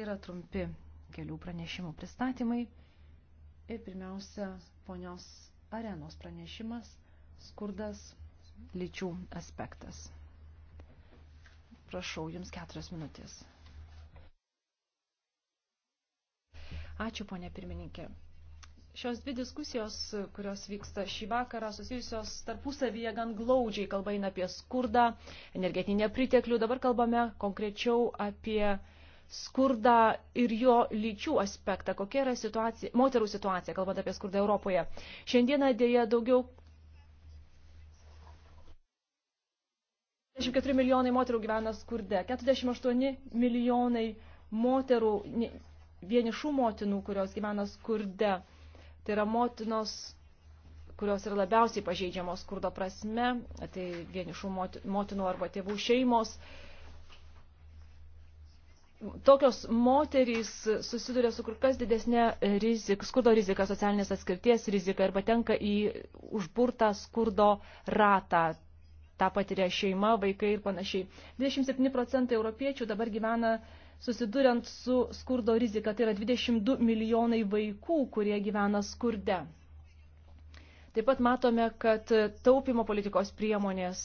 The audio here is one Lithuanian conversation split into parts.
Tai yra trumpi kelių pranešimų pristatymai. Ir pirmiausia, ponios arenos pranešimas – skurdas lyčių aspektas. Prašau, jums keturios minutės. Ačiū, ponė pirmininkė. Šios dvi diskusijos, kurios vyksta šį vakarą, susijusios tarpusavyje gan glaudžiai, kalba eina apie skurdą, energetinį nepriteklių, dabar kalbame konkrečiau apie uh, skurdą ir jo lyčių aspektą, kokia yra situacija, moterų situacija, kalbant apie skurdą Europoje. Šiandieną dėja daugiau 24 milijonai moterų gyvena skurde, 48 milijonai moterų, vienišų motinų, kurios gyvena skurde. Tai yra motinos, kurios yra labiausiai pažeidžiamos skurdo prasme, tai vienišų motinų arba tėvų šeimos tokios moterys susiduria su kur kas didesnė rizik, skurdo rizika, socialinės atskirties rizika ir patenka į užburtą skurdo ratą. Ta patiria šeima, vaikai ir panašiai. 27 procentai europiečių dabar gyvena susiduriant su skurdo rizika, tai yra 22 milijonai vaikų, kurie gyvena skurde. Taip pat matome, kad taupimo politikos priemonės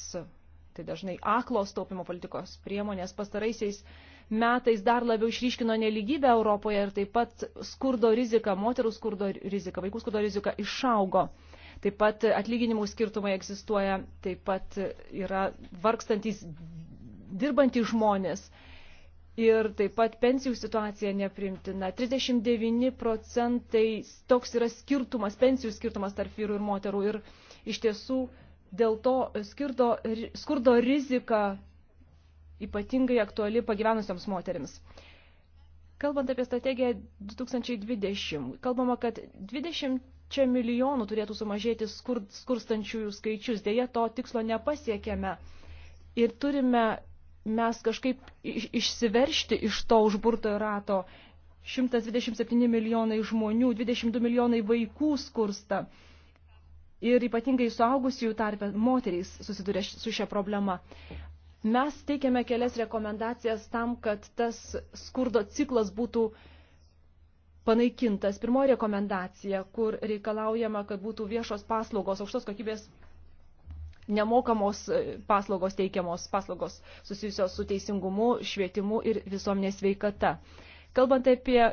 tai dažnai aklos taupimo politikos priemonės pastaraisiais metais dar labiau išryškino neligybę Europoje ir taip pat skurdo rizika, moterų skurdo rizika, vaikų skurdo rizika išaugo. Taip pat atlyginimų skirtumai egzistuoja, taip pat yra vargstantis dirbantys žmonės. Ir taip pat pensijų situacija neprimtina. 39 procentai toks yra skirtumas, pensijų skirtumas tarp vyrų ir moterų. Ir iš tiesų Dėl to skirdo, skurdo rizika ypatingai aktuali pagyvenusioms moteriams. Kalbant apie strategiją 2020, kalbama, kad 20 čia milijonų turėtų sumažėti skur, skurstančiųjų skaičius. Deja, to tikslo nepasiekėme. Ir turime mes kažkaip išsiveršti iš to užburto rato. 127 milijonai žmonių, 22 milijonai vaikų skursta ir ypatingai suaugusiųjų tarpe moterys susiduria su šia problema. Mes teikiame kelias rekomendacijas tam, kad tas skurdo ciklas būtų panaikintas. Pirmoji rekomendacija, kur reikalaujama, kad būtų viešos paslaugos, aukštos kokybės nemokamos e, paslaugos teikiamos, paslaugos susijusios su teisingumu, švietimu ir visuomenės veikata. Kalbant apie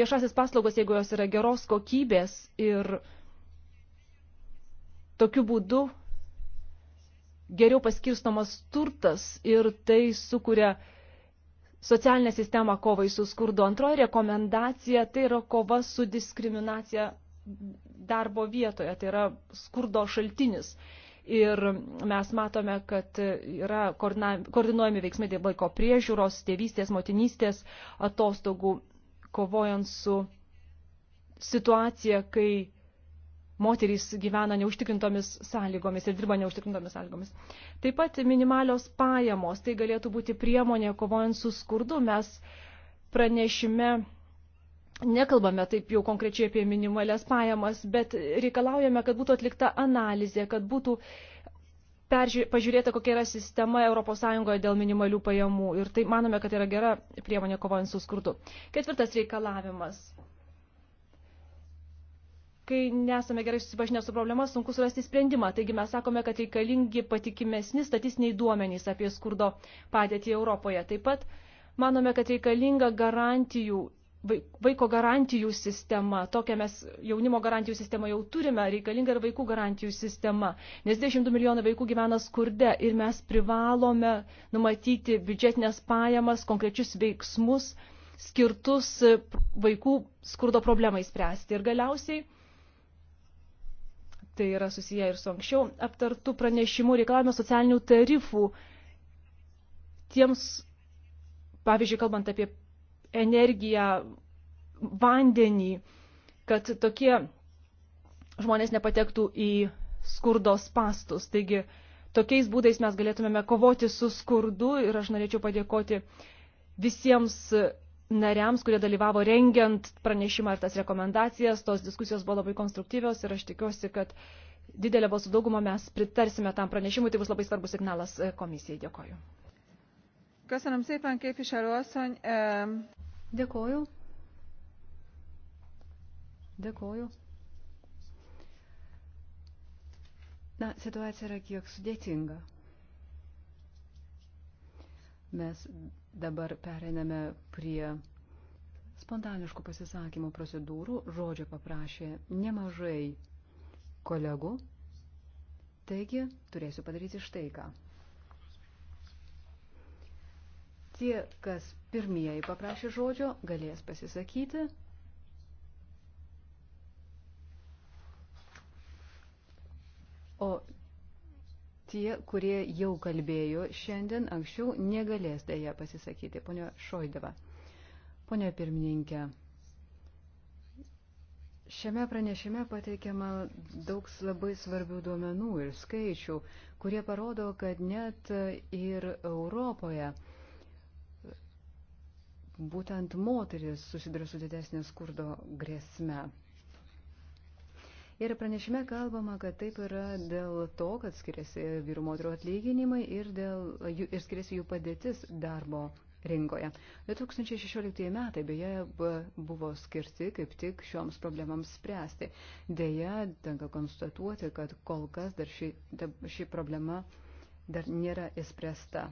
viešasis paslaugos, jeigu jos yra geros kokybės ir Tokiu būdu geriau paskirstomas turtas ir tai sukuria socialinę sistemą kovai su skurdu. Antroji rekomendacija tai yra kova su diskriminacija darbo vietoje, tai yra skurdo šaltinis. Ir mes matome, kad yra koordinuojami veiksmai dėl vaiko priežiūros, tėvystės, motinystės, atostogų, kovojant su situacija, kai moterys gyvena neužtikrintomis sąlygomis ir dirba neužtikrintomis sąlygomis. Taip pat minimalios pajamos, tai galėtų būti priemonė kovojant su skurdu. Mes pranešime nekalbame taip jau konkrečiai apie minimalias pajamas, bet reikalaujame, kad būtų atlikta analizė, kad būtų peržiūrė, pažiūrėta, kokia yra sistema ES dėl minimalių pajamų. Ir tai manome, kad yra gera priemonė kovojant su skurdu. Ketvirtas reikalavimas kai nesame gerai susipažinę su problema, sunku surasti sprendimą. Taigi mes sakome, kad reikalingi patikimesni statistiniai duomenys apie skurdo padėtį Europoje. Taip pat manome, kad reikalinga garantijų, vaiko garantijų sistema. Tokią mes jaunimo garantijų sistemą jau turime, reikalinga ir vaikų garantijų sistema. Nes 10 milijonų vaikų gyvena skurde ir mes privalome numatyti biudžetinės pajamas, konkrečius veiksmus skirtus vaikų skurdo problemai spręsti. Ir galiausiai tai yra susiję ir su anksčiau aptartų pranešimų, reikalavome socialinių tarifų tiems, pavyzdžiui, kalbant apie energiją, vandenį, kad tokie žmonės nepatektų į skurdos pastus. Taigi, tokiais būdais mes galėtumėme kovoti su skurdu ir aš norėčiau padėkoti visiems nariams, kurie dalyvavo rengiant pranešimą ir tas rekomendacijas. Tos diskusijos buvo labai konstruktyvios ir aš tikiuosi, kad didelė balsų dauguma mes pritarsime tam pranešimui. Tai bus labai svarbus signalas e, komisijai. Dėkoju. Köszönöm szépen, képviselő asszony. Dėkoju. Dėkoju. Na, situacija yra kiek sudėtinga. Mes dabar pereiname prie spontaniškų pasisakymų procedūrų. Žodžio paprašė nemažai kolegų. Taigi, turėsiu padaryti štai ką. Tie, kas pirmieji paprašė žodžio, galės pasisakyti. O tie, kurie jau kalbėjo šiandien, anksčiau negalės dėja pasisakyti. Pone Šoideva. Pone pirmininkė. Šiame pranešime pateikiama daug labai svarbių duomenų ir skaičių, kurie parodo, kad net ir Europoje būtent moteris susiduria su didesnė skurdo grėsme. Ir pranešime kalbama, kad taip yra dėl to, kad skiriasi vyrų moterų atlyginimai ir, dėl, ir skiriasi jų padėtis darbo rinkoje. 2016 metai beje buvo skirti kaip tik šioms problemams spręsti. Deja, tenka konstatuoti, kad kol kas dar ši, da, ši problema dar nėra įspręsta.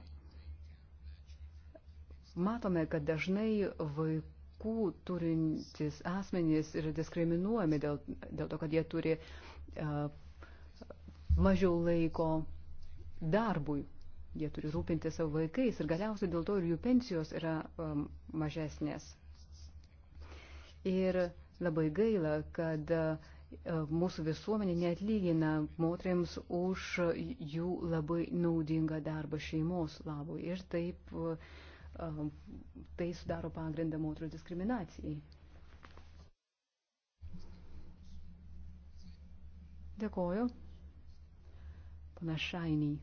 Matome, kad dažnai vaikų aukų turintis asmenys yra diskriminuojami dėl, dėl to, kad jie turi uh, mažiau laiko darbui. Jie turi rūpinti savo vaikais ir galiausiai dėl to ir jų pensijos yra um, mažesnės. Ir labai gaila, kad uh, mūsų visuomenė neatlygina moteriams už jų labai naudingą darbą šeimos labui. Ir taip uh, tai sudaro pagrindą moterų diskriminacijai. Dėkoju. Pana Šainiai.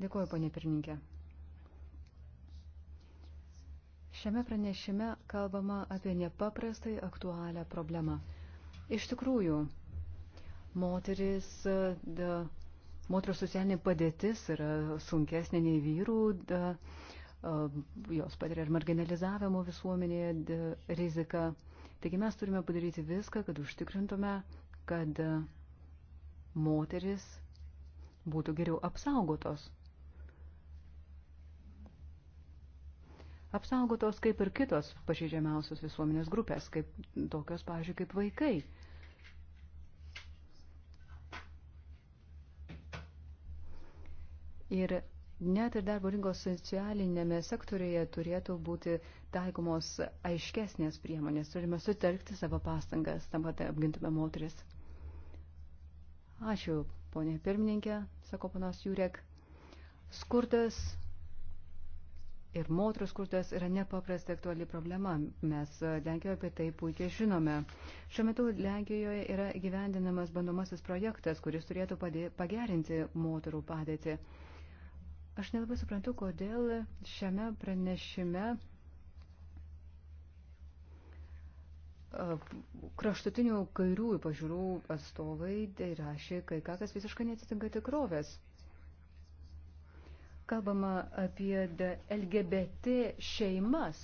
Dėkoju, ponė pirmininkė. Šiame pranešime kalbama apie nepaprastai aktualią problemą. Iš tikrųjų, moteris, da, moterų socialinė padėtis yra sunkesnė nei vyrų. Da, uh, jos patiria ir marginalizavimo visuomenėje riziką. Taigi mes turime padaryti viską, kad užtikrintume, kad moteris būtų geriau apsaugotos. Apsaugotos kaip ir kitos pažeidžiamiausios visuomenės grupės, kaip tokios, pavyzdžiui, kaip vaikai. Ir Net ir darbo rinkos socialinėme sektorėje turėtų būti taikomos aiškesnės priemonės. Turime sutelkti savo pastangas tam, kad apgintume moteris. Ačiū, ponė pirmininkė, sako panas Jurek. Skurdas ir moterų skurdas yra nepaprastai aktuali problema. Mes Lenkijoje apie tai puikiai žinome. Šiuo metu Lenkijoje yra gyvendinamas bandomasis projektas, kuris turėtų pagerinti moterų padėtį. Aš nelabai suprantu, kodėl šiame pranešime kraštutinių kairiųjų pažiūrų atstovai rašė kai ką, kas visiškai netitinka tikrovės. Kalbama apie LGBT šeimas.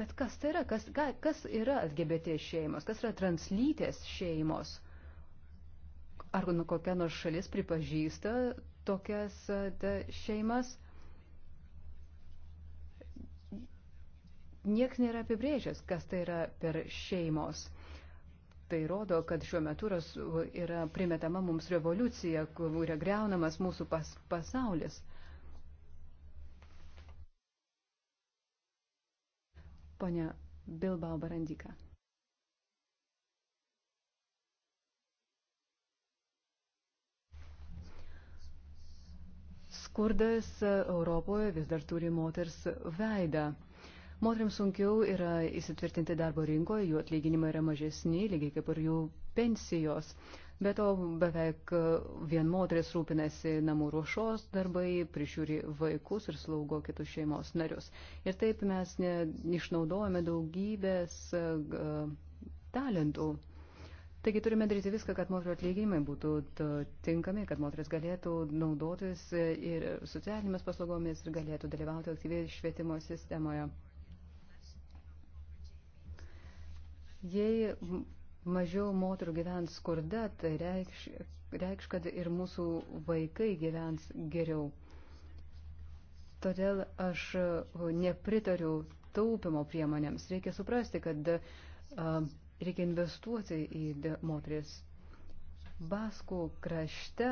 Bet kas tai yra? Kas, ka, kas yra LGBT šeimos? Kas yra translytės šeimos? Ar kokia nors šalis pripažįsta tokias e, šeimas nieks nėra apibrėžęs, kas tai yra per šeimos. Tai rodo, kad šiuo metu yra primetama mums revoliucija, kur yra greunamas mūsų pas, pasaulis. Pone Bilbao Barandika. Skurdas Europoje vis dar turi moters veidą. Moteriams sunkiau yra įsitvirtinti darbo rinkoje, jų atlyginimai yra mažesni, lygiai kaip ir jų pensijos. Be to beveik vien moteris rūpinasi namų ruošos darbai, prižiūri vaikus ir slaugo kitus šeimos narius. Ir taip mes ne, išnaudojame daugybės uh, talentų. Uh, Taigi turime daryti viską, kad moterų atlyginimai būtų tinkami, kad moteris galėtų naudotis e, ir socialinėmis paslaugomis ir galėtų dalyvauti aktyviai švietimo sistemoje. Jei mažiau moterų gyvens skurde, tai reikš, reikš, kad ir mūsų vaikai gyvens geriau. Todėl aš e, nepritariu taupimo priemonėms. Reikia suprasti, kad uh, Reikia investuoti į moteris. Baskų krašte,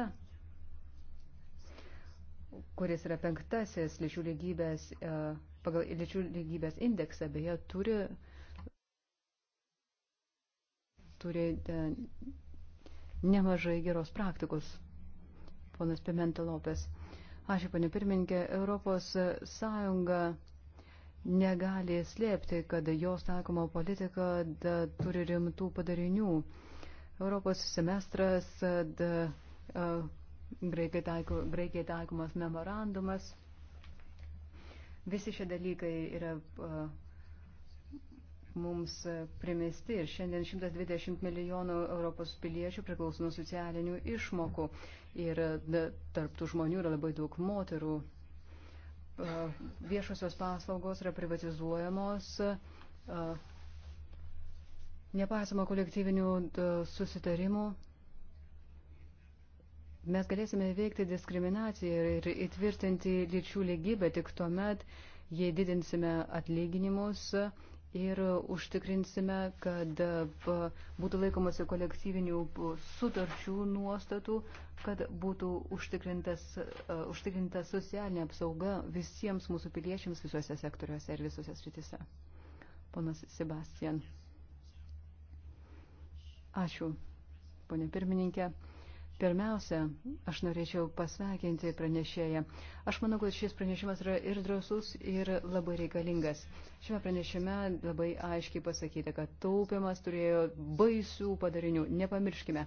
kuris yra penktasis lyčių lygybės, e, pagal lyčių lygybės indeksą, beje, turi, turi e, nemažai geros praktikos. Ponas Pimentelopės. Ačiū, panė pirmininkė, Europos Sąjunga negali slėpti, kad jos taikoma politika da, turi rimtų padarinių. Europos semestras, da, a, greikiai, taiko, greikiai taikomas memorandumas, visi šie dalykai yra a, mums primesti ir šiandien 120 milijonų Europos piliečių priklauso nuo socialinių išmokų ir da, tarptų žmonių yra labai daug moterų viešosios paslaugos yra privatizuojamos, nepasama kolektyvinių susitarimų. Mes galėsime veikti diskriminaciją ir įtvirtinti lyčių lygybę tik tuomet, jei didinsime atlyginimus, ir užtikrinsime, kad e, būtų laikomasi kolektyvinių e, sutarčių nuostatų, kad būtų užtikrintas, e, užtikrinta socialinė apsauga visiems mūsų piliečiams visuose sektoriuose ir visose sritise. Ponas Sebastian. Ačiū, ponė pirmininkė. Pirmiausia, aš norėčiau pasveikinti pranešėją. Aš manau, kad šis pranešimas yra ir drąsus, ir labai reikalingas. Šiame pranešime labai aiškiai pasakyta, kad taupimas turėjo baisių padarinių. Nepamirškime.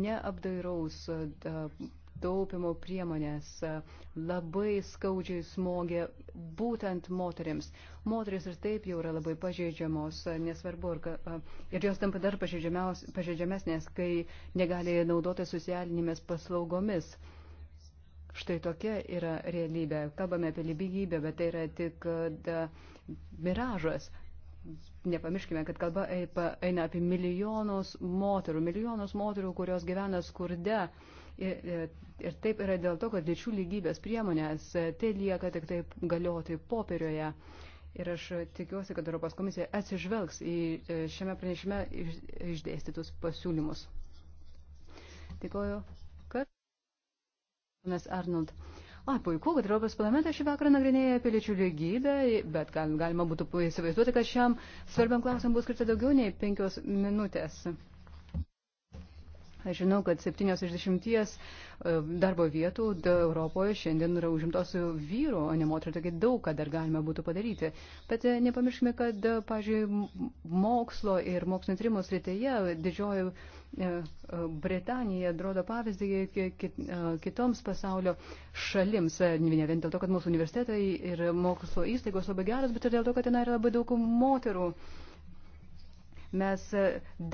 Neapdairaus taupimo priemonės labai skaudžiai smogė būtent moteriams. Moteris ir taip jau yra labai pažeidžiamos, nesvarbu, ir, ir jos tampa dar pažeidžiamesnės, kai negali naudoti socialinėmis paslaugomis. Štai tokia yra realybė. Kalbame apie lygybę, bet tai yra tik da, miražas. Nepamirškime, kad kalba eina apie milijonus moterų, milijonus moterų, kurios gyvena skurde. Uh, Ir, ir, ir taip yra dėl to, kad lyčių lygybės priemonės e, tai lieka tik taip galioti popierioje. Ir aš tikiuosi, kad Europos komisija atsižvelgs į e, šiame pranešime iš, išdėstytus pasiūlymus. Dėkoju. Kad... Ponas Arnold. A, puiku, kad Europos parlamentas šį vakarą nagrinėja piliečių lygybę, bet gal, galima būtų įsivaizduoti, kad šiam svarbiam klausimui bus skirta daugiau nei penkios minutės. Aš žinau, kad 7 iš 10 e, darbo vietų Europoje šiandien yra užimtos vyrų, o ne moterų, taigi daug ką dar galima būtų padaryti. Bet e, nepamirškime, kad, e, pažiūrėjau, mokslo ir mokslinio tyrimo srityje didžioji Britanija atrodo pavyzdį kitoms pasaulio šalims. Ne vien dėl to, kad mūsų universitetai ir mokslo įstaigos labai geros, bet ir dėl to, kad ten yra labai daug moterų. Mes e,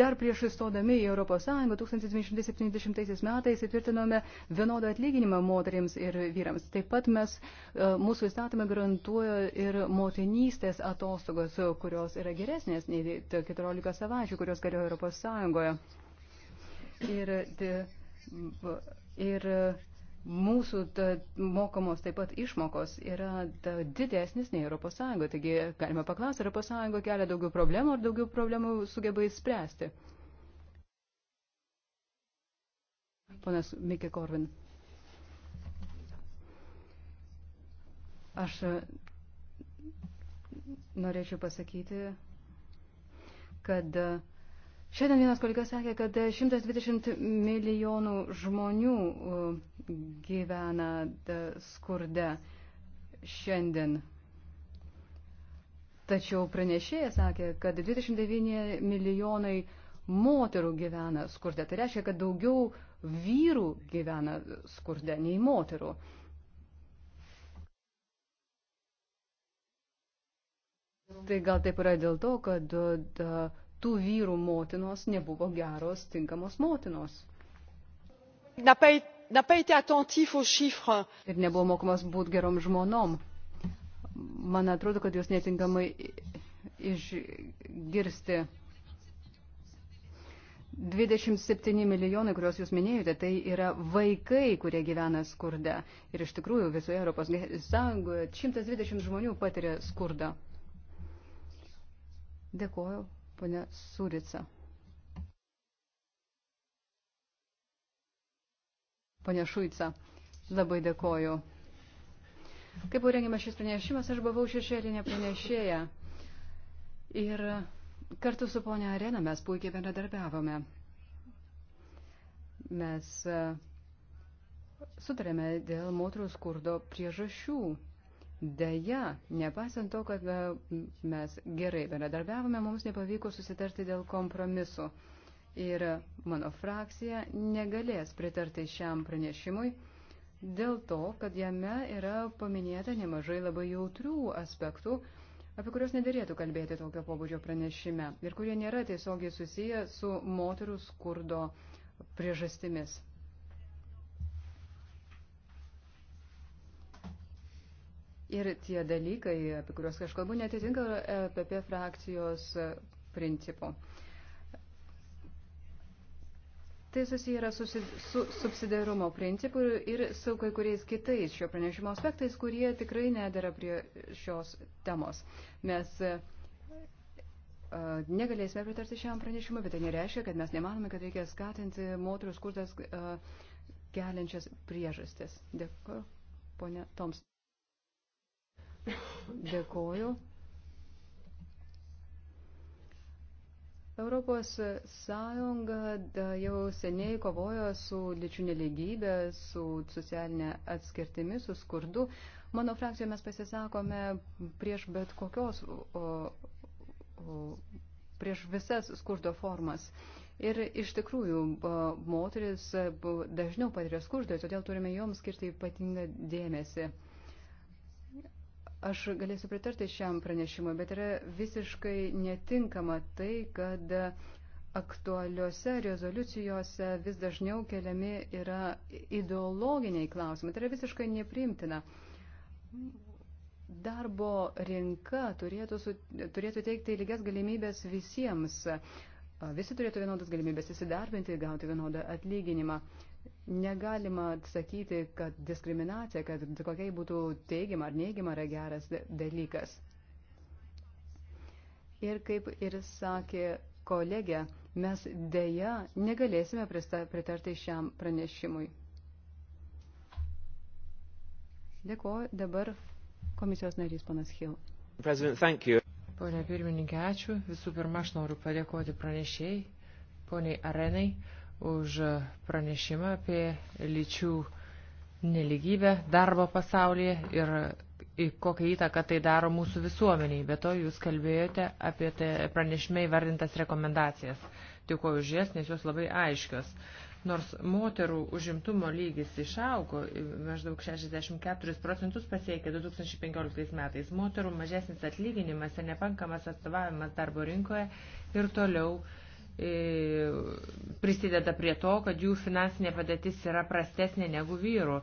dar prieš įstodami į ES 1970 metais įtvirtinome vienodą atlyginimą moterims ir vyrams. Taip pat mes, e, mūsų įstatymą garantuoja ir motinystės atostogos, kurios yra geresnės nei 14 savaičių, kurios galioja ES. Ir, ir, ir Mūsų ta, mokamos taip pat išmokos yra ta, didesnis nei ES, taigi galime paklausti, ar ES kelia daugiau problemų ar daugiau problemų sugeba įspręsti. Ponas Mikė Korvin. Aš e, norėčiau pasakyti, kad uh, Šiandien vienas kolega sakė, kad 120 milijonų žmonių uh, gyvena skurde šiandien. Tačiau pranešėjas sakė, kad 29 milijonai moterų gyvena skurde. Tai reiškia, kad daugiau vyrų gyvena skurde nei moterų. Tai gal taip yra dėl to, kad da, tų vyrų motinos nebuvo geros, tinkamos motinos. Ir nebuvo mokomas būti gerom žmonom. Man atrodo, kad jūs netinkamai išgirsti. 27 milijonai, kuriuos jūs minėjote, tai yra vaikai, kurie gyvena skurde. Ir iš tikrųjų visoje Europos Sąjungoje 120 žmonių patiria skurdą. Dėkuoju. Pone Surica. Pone Šuica, labai dėkoju. Kaip buvo rengiamas šis pranešimas, aš buvau šešėlinė pranešėja. Ir kartu su ponia Arena mes puikiai bendradarbiavome. Mes e, sutarėme dėl moterų skurdo priežasčių. Deja, nepasant to, kad e, mes gerai bendradarbiavome, mums nepavyko susitarti dėl kompromisu. Ir mano frakcija negalės pritarti šiam pranešimui dėl to, kad jame yra paminėta nemažai labai jautrių aspektų, apie kuriuos nedėrėtų kalbėti tokio pobūdžio pranešime ir kurie nėra tiesiogiai susiję su moterų skurdo priežastimis. Ir tie dalykai, apie kuriuos aš kalbu, netitinka PP e frakcijos principų. Tai susiję yra su subsidiarumo principu ir su kai kuriais kitais šio pranešimo aspektais, kurie tikrai nedara prie šios temos. Mes e, negalėsime pritarti šiam pranešimui, bet tai nereiškia, kad mes nemanome, kad reikia skatinti moterų skurdas e, keliančias priežastis. Dėkuoju, ponė Toms. Dėkoju. Europos Sąjunga jau seniai kovojo su lyčių neligybė, su socialinė atskirtimi, su skurdu. Mano frakcijoje mes pasisakome prieš bet kokios, o, o, prieš visas skurdo formas. Ir iš tikrųjų moteris dažniau patiria skurdą, todėl turime joms skirti ypatingą dėmesį. Aš galėsiu pritarti šiam pranešimui, bet yra visiškai netinkama tai, kad aktualiuose rezoliucijose vis dažniau keliami yra ideologiniai klausimai. Tai yra visiškai nepriimtina darbo rinka turėtų, su, turėtų teikti lygias galimybės visiems. Visi turėtų vienodas galimybės įsidarbinti, gauti vienodą atlyginimą. Negalima sakyti, kad diskriminacija, kad kokiai būtų teigiama ar neigiama, yra geras dalykas. Ir kaip ir sakė kolegė, mes dėja negalėsime pritarti šiam pranešimui. Dėkuoju dabar komisijos narys panas Hill. Pone pirmininkė, ačiū. Visų pirma, aš noriu padėkoti pranešėjai, poniai Arenai, už pranešimą apie lyčių neligybę darbo pasaulyje ir kokią įtaką tai daro mūsų visuomeniai. Be to, jūs kalbėjote apie tai pranešime įvardintas rekomendacijas. Tikuoju už jas, nes jos labai aiškios. Nors moterų užimtumo lygis išaugo, maždaug 64 procentus pasiekė 2015 metais, moterų mažesnis atlyginimas ir nepankamas atstovavimas darbo rinkoje ir toliau uh, prisideda prie to, kad jų finansinė padėtis yra prastesnė negu vyrų.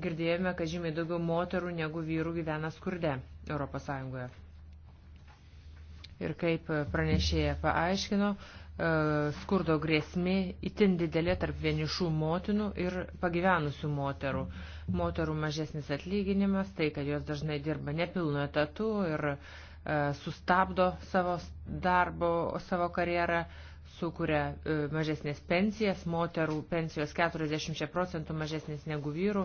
Girdėjome, kad žymiai daugiau moterų negu vyrų gyvena skurde Europos Sąjungoje. Ir kaip pranešėja paaiškino, e, skurdo grėsmė itin didelė tarp vienišų motinų ir pagyvenusių moterų. Moterų mažesnis atlyginimas, tai kad jos dažnai dirba nepilnu etatu ir e, sustabdo savo darbo, savo karjerą, sukuria e, mažesnės pensijas, moterų pensijos 40 procentų mažesnės negu vyrų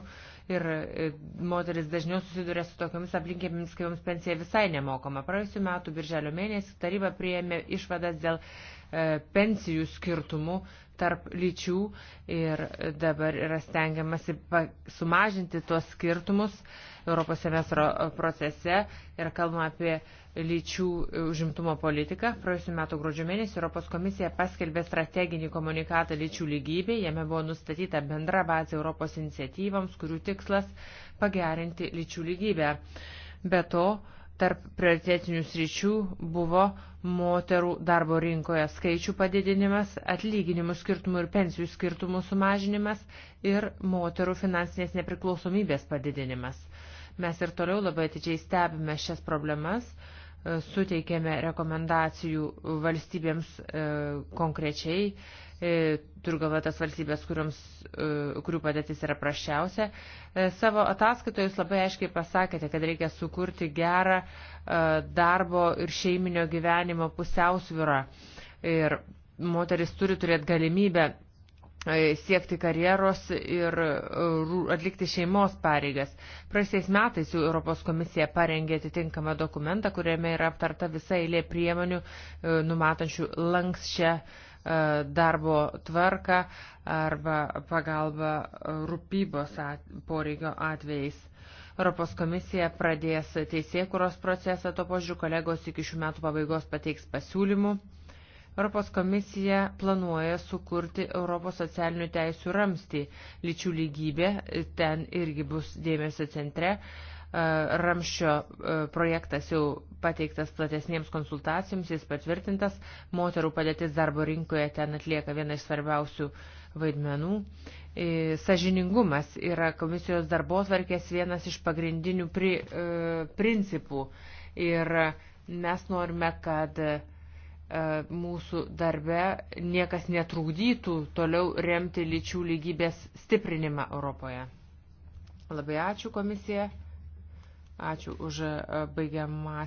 ir e, moteris dažniau susiduria su tokiamis aplinkėmis, kai joms pensija visai nemokama. Praėjusiu metu birželio mėnesį taryba priėmė išvadas dėl e, pensijų skirtumų tarp lyčių ir dabar yra stengiamasi sumažinti tuos skirtumus Europos semestro e, procese ir kalbama apie lyčių e, užimtumo politiką. Praėjusiu metu gruodžio mėnesį Europos komisija paskelbė strateginį komunikatą lyčių lygybė, jame buvo nustatyta bendra bazė Europos iniciatyvams, kurių tikslas pagerinti lyčių lygybę. Be to, tarp prioritetinių sričių buvo moterų darbo rinkoje skaičių padidinimas, atlyginimų skirtumų ir pensijų skirtumų sumažinimas ir moterų finansinės nepriklausomybės padidinimas. Mes ir toliau labai atidžiai stebime šias problemas, e, suteikėme rekomendacijų valstybėms e, konkrečiai E, turiu galvoje tas valstybės, kuriums, e, kurių padėtis yra prašiausia. E, savo ataskaitoje jūs labai aiškiai pasakėte, kad reikia sukurti gerą darbo ir šeiminio gyvenimo pusiausvyrą. Ir moteris turi turėti galimybę siekti karjeros ir atlikti šeimos pareigas. Praeisiais metais jau Europos komisija parengė atitinkamą dokumentą, kuriame yra aptarta visa eilė priemonių numatančių lankščią E, darbo tvarką arba pagalbą rūpybos at, poreigio atvejais. Europos komisija pradės teisėkuros procesą, to požiūriu kolegos iki šių metų pabaigos pateiks pasiūlymų. Europos komisija planuoja sukurti Europos socialinių teisių ramstį. Lyčių lygybė ten irgi bus dėmesio centre. Uh, ramščio projektas jau pateiktas platesniems konsultacijoms, jis patvirtintas, moterų padėtis darbo rinkoje ten atlieka viena iš svarbiausių vaidmenų. E, sažiningumas yra komisijos darbosvarkės vienas iš pagrindinių pri, e, principų ir mes norime, kad e, mūsų darbe niekas netrūdytų toliau remti lyčių lygybės stiprinimą Europoje. Labai ačiū komisija. Ačiū už e, baigiamą.